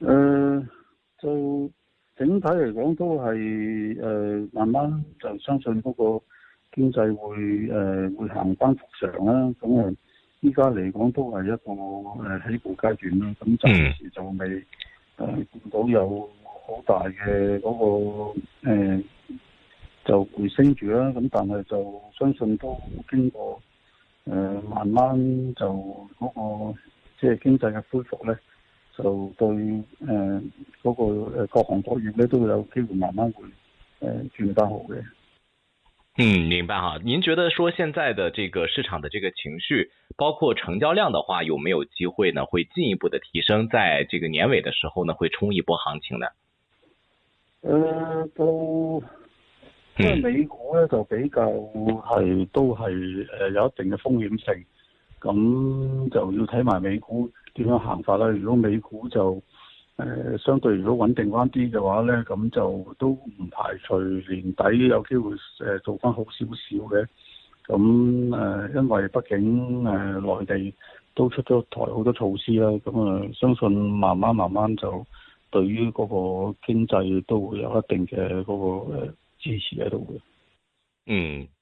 誒、呃，就整體嚟講都係誒、呃，慢慢就相信嗰個經濟會誒、呃、會行返復常啦。咁啊，依家嚟講都係一個誒、呃、起步階段啦。咁暫時就未誒見到有好大嘅嗰、那個誒、呃、就回升住啦、啊。咁但係就相信都經過誒、呃、慢慢就嗰、那個即係、就是、經濟嘅恢復咧。就對誒，呃那個誒各行各業咧，都會有機會慢慢會誒、呃、轉得好嘅。嗯，明白哈。您覺得說現在的這個市場的這個情緒，包括成交量的話，有沒有機會呢？會進一步的提升，在這個年尾的時候呢，會衝一波行情呢？誒、呃，都因為美股咧就比較係、嗯、都係誒有一定的風險性，咁就要睇埋美股。點樣行法呢？如果美股就誒、呃、相對如果穩定翻啲嘅話咧，咁就都唔排除年底有機會誒做翻好少少嘅。咁誒、呃，因為畢竟誒、呃、內地都出咗台好多措施啦，咁啊、呃、相信慢慢慢慢就對於嗰個經濟都會有一定嘅嗰個支持喺度嘅。嗯。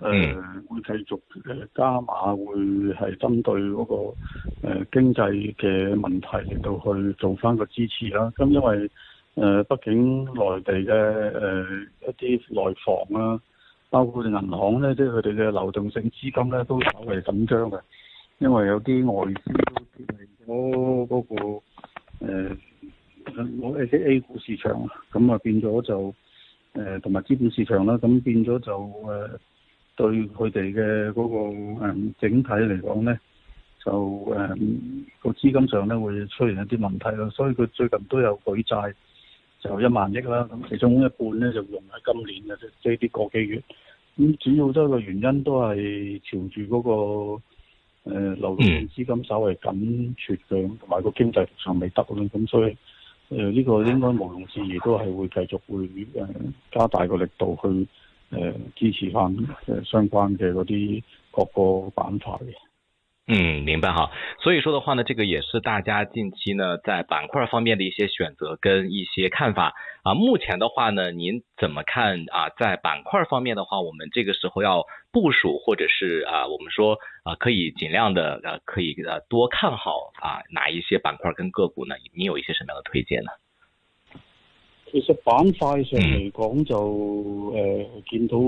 誒，嗯、會繼續誒加碼，會係針對嗰個誒經濟嘅問題嚟到去做翻個支持啦。咁因為誒，畢竟內地嘅誒一啲內房啊，包括銀行咧，即係佢哋嘅流動性資金咧都稍為緊張嘅。因為有啲外資都變咗嗰個誒，我哋啲 A 股市場，咁啊變咗就誒，同埋資本市場啦，咁變咗就誒。對佢哋嘅嗰個誒整體嚟講咧，就誒個、嗯、資金上咧會出現一啲問題啦，所以佢最近都有舉債，就一萬億啦，咁其中一半咧就用喺今年嘅即係啲個幾月，咁主要都個原因都係朝住嗰個誒、呃、流動資金稍微緊絀嘅，同埋個經濟上未得，咁所以誒呢、呃，這個應該毋庸置疑都係會繼續會誒、呃、加大個力度去。呃支持翻相關嘅嗰啲各個板塊嗯，明白哈。所以說的話呢，這個也是大家近期呢在板塊方面的一些選擇跟一些看法啊。目前的話呢，您怎麼看啊？在板塊方面的話，我們這個時候要部署，或者是啊，我們說啊，可以盡量的啊，可以多看好啊，哪一些板塊跟個股呢？您有一些什麼樣的推薦呢？其實板塊上嚟講就誒、呃、見到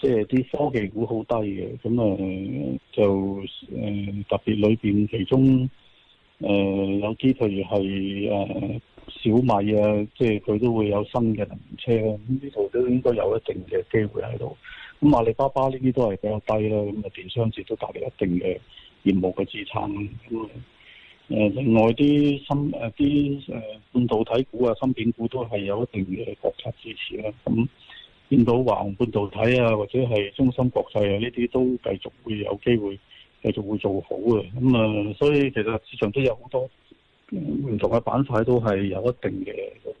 即係啲科技股好低嘅，咁啊就誒、呃、特別裏邊其中誒、呃、有啲譬如係誒、呃、小米啊，即係佢都會有新嘅能源車咯，咁呢度都應該有一定嘅機會喺度。咁阿里巴巴呢啲都係比較低啦，咁啊電商節都帶嚟一定嘅業務嘅支撐咁誒，另外啲新誒啲誒半導體股啊、芯片股都係有一定嘅國家支持啦。咁見到華虹半導體啊，或者係中芯國際啊，呢啲都繼續會有機會，繼續會做好嘅。咁啊，所以其實市場都有好多唔同嘅板塊都係有一定嘅嗰個。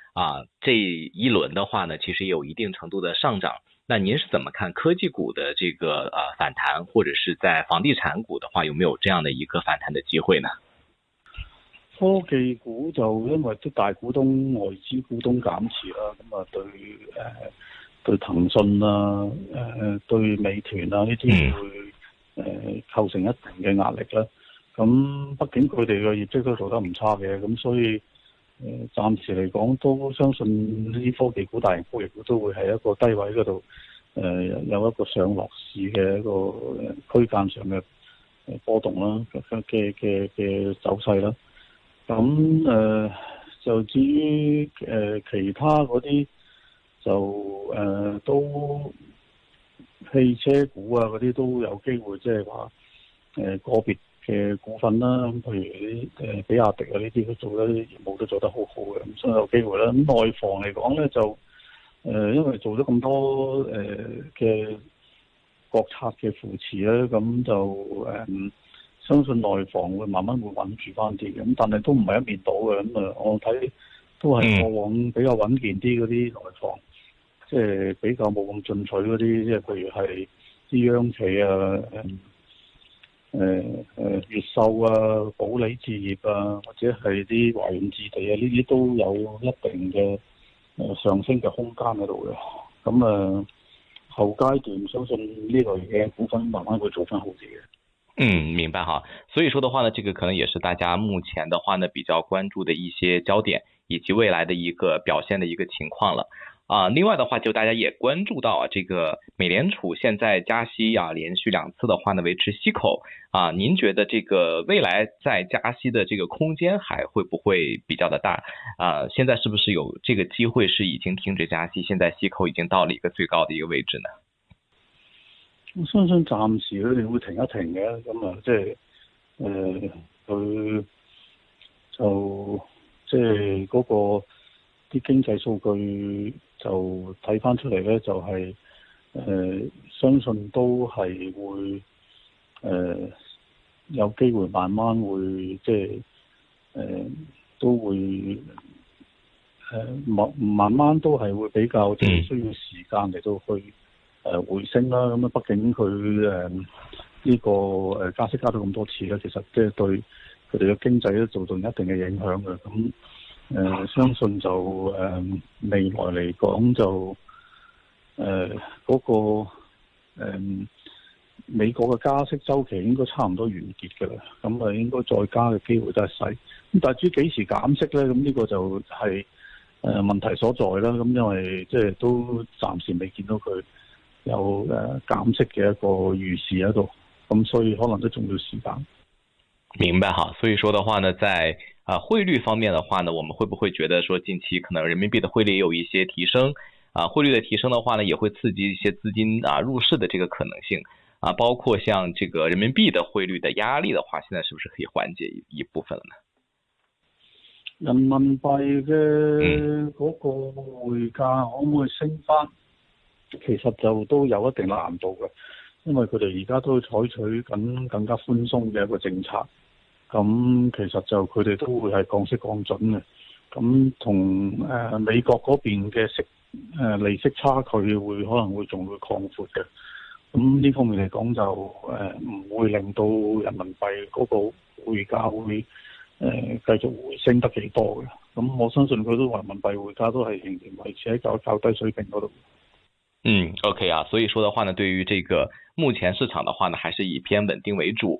啊，這一輪的話呢，其實有一定程度的上漲。那您是怎麼看科技股的這個、啊、反彈，或者是在房地產股的話，有沒有這樣的一個反彈的機會呢？科技股就因為啲大股東外資股東減持啦，咁啊對誒、呃、對騰訊啊，誒、呃、對美團啊呢啲會誒、呃、構成一定嘅壓力啦。咁畢竟佢哋嘅業績都做得唔差嘅，咁所以。誒暫時嚟講都相信呢啲科技股、大型科技股都會喺一個低位嗰度，誒有一個上落市嘅一個區間上嘅誒波動啦，嘅嘅嘅嘅走勢啦。咁誒、呃、就至於誒其他嗰啲就誒、呃、都汽車股啊嗰啲都有機會即係話誒個別嘅股份啦，咁譬如啲誒，比亞迪啊呢啲都做得業務都做得好好嘅，咁所以有機會啦。咁內房嚟講咧，就誒、呃，因為做咗咁多誒嘅、呃、國策嘅扶持咧，咁就誒、嗯，相信內房會慢慢會穩住返啲。咁但係都唔係一面倒嘅。咁、嗯、啊，我睇都係過往比較穩健啲嗰啲內房，即、就、係、是、比較冇咁進取嗰啲，即係譬如係啲央企啊。嗯誒誒，越秀啊，保利置業啊，或者係啲華潤置地啊，呢啲都有一定嘅誒上升嘅空間喺度嘅。咁啊，後階段相信呢類嘅股份慢慢會做翻好啲嘅。嗯，明白吓、這個嗯。所以說的話呢，這個可能也是大家目前的話呢比較關注的一些焦點，以及未來的一個表現的一個情況啦。啊，另外的話就大家也關注到啊，這個美聯儲現在加息啊，連續兩次的話呢，維持息口啊，您覺得這個未來在加息的這個空間還會不會比較的大？啊，現在是不是有這個機會是已經停止加息？現在息口已經到了一個最高的一個位置呢？我相信暫時佢哋會停一停嘅，咁啊即係誒佢就即係嗰個啲、那個、經濟數據。就睇翻出嚟咧，就係、是、誒、呃，相信都係會誒、呃、有機會慢慢會即係誒、呃、都會誒慢、呃、慢慢都係會比較即係需要時間嚟到去誒、呃、回升啦。咁啊，畢竟佢誒呢個誒加息加咗咁多次咧，其實即係對佢哋嘅經濟都造成一定嘅影響嘅咁。嗯誒、呃，相信就誒、呃、未來嚟講就誒嗰、呃那個誒、呃、美國嘅加息周期應該差唔多完結㗎喇，咁啊應該再加嘅機會都係細，咁但係至於幾時減息咧，咁、這、呢個就係誒問題所在啦。咁因為即係都暫時未見到佢有誒減息嘅一個預示喺度，咁所以可能都仲要時間。明白哈，所以說嘅話呢，在。啊，匯率方面的話呢，我們會不會覺得說近期可能人民幣的匯率有一些提升？啊，匯率的提升的話呢，也會刺激一些資金啊入市的這個可能性。啊，包括像這個人民幣的匯率的壓力的話，現在是不是可以緩解一,一部分了呢？人民幣嘅嗰個匯價可唔可以升翻？嗯、其實就都有一定難度嘅，因為佢哋而家都在採取緊更，更加寬鬆嘅一個政策。咁其實就佢哋都會係降息降準嘅，咁同誒美國嗰邊嘅息誒利息差距會可能會仲會擴闊嘅，咁呢方面嚟講就誒唔會令到人民幣嗰個匯價會誒繼續回升得幾多嘅，咁我相信佢都人民幣匯價都係仍然維持喺較較低水平嗰度。嗯，OK 啊，所以說的話呢，對於這個目前市場的話呢，還是以偏穩定為主。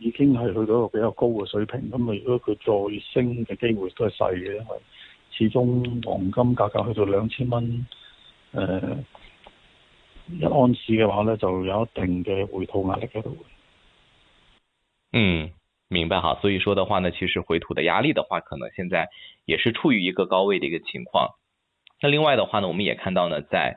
已經係去到一個比較高嘅水平，咁啊，如果佢再升嘅機會都係細嘅，因為始終黃金價格去到兩千蚊，誒、呃，一盎司嘅話咧，就有一定嘅回吐壓力喺度。嗯，明白哈，所以說嘅話呢，其實回吐嘅壓力嘅話，可能現在也是處於一個高位嘅一個情況。那另外嘅話呢，我們也看到呢，在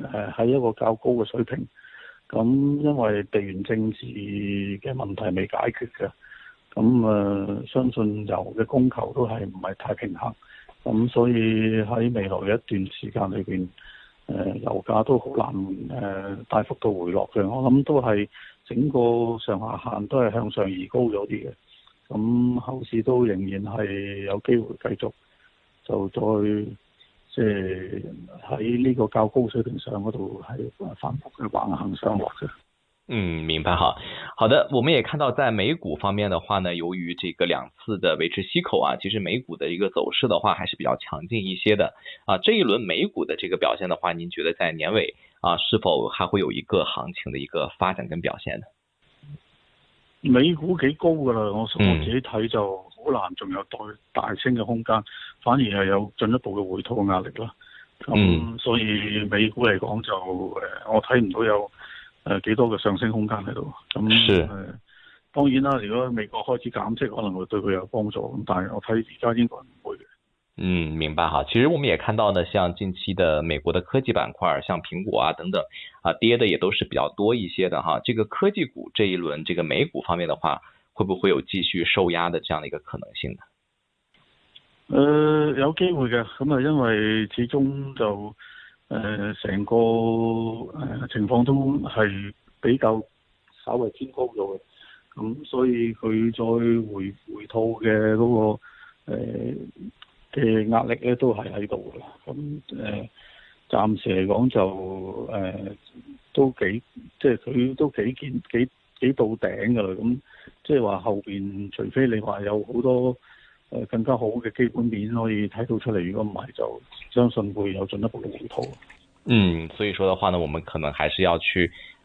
誒喺一個較高嘅水平，咁因為地緣政治嘅問題未解決嘅，咁誒、呃、相信油嘅供求都係唔係太平衡，咁所以喺未來一段時間裏面、呃，油價都好難、呃、大幅度回落嘅，我諗都係整個上下限都係向上移高咗啲嘅，咁後市都仍然係有機會繼續就再。即係喺呢個較高水平上嗰度，喺反覆嘅橫行上落。嗯，明白哈。好的，我們也看到在美股方面的話呢，由於這個兩次的維持息口啊，其實美股的一個走勢的話還是比較強勁一些的。啊，這一輪美股的這個表現的話，您覺得在年尾啊，是否還會有一個行情的一個發展跟表現呢？美股幾高噶啦，我我自己睇就。嗯。好難，仲有待大升嘅空間，反而係有進一步嘅回吐壓力咯。咁、嗯嗯、所以美股嚟講就誒，我睇唔到有誒幾、呃、多嘅上升空間喺度。咁、嗯、誒是、呃，當然啦，如果美國開始減息，可能會對佢有幫助。咁但係我睇而家應該唔會，嗯，明白哈。其實我們也看到呢，像近期的美國的科技板塊，像蘋果啊等等，啊跌的也都是比較多一些的哈。這個科技股這一輪，這個美股方面嘅話，會不會有繼續受壓的這樣的一個可能性呢？誒、呃，有機會嘅，咁啊，因為始終就誒、成、呃、個誒、呃、情況都係比較稍微偏高咗嘅，咁、嗯、所以佢再回回套嘅嗰個誒嘅、呃、壓力咧都係喺度嘅，咁、嗯、誒、呃，暫時嚟講就誒、呃、都幾，即係佢都幾堅幾幾到頂㗎啦，咁即係話後邊，除非你話有好多誒更加好嘅基本面可以睇到出嚟，如果唔係就相信會有進一步嘅回吐。嗯，所以說的話呢，我們可能還是要去。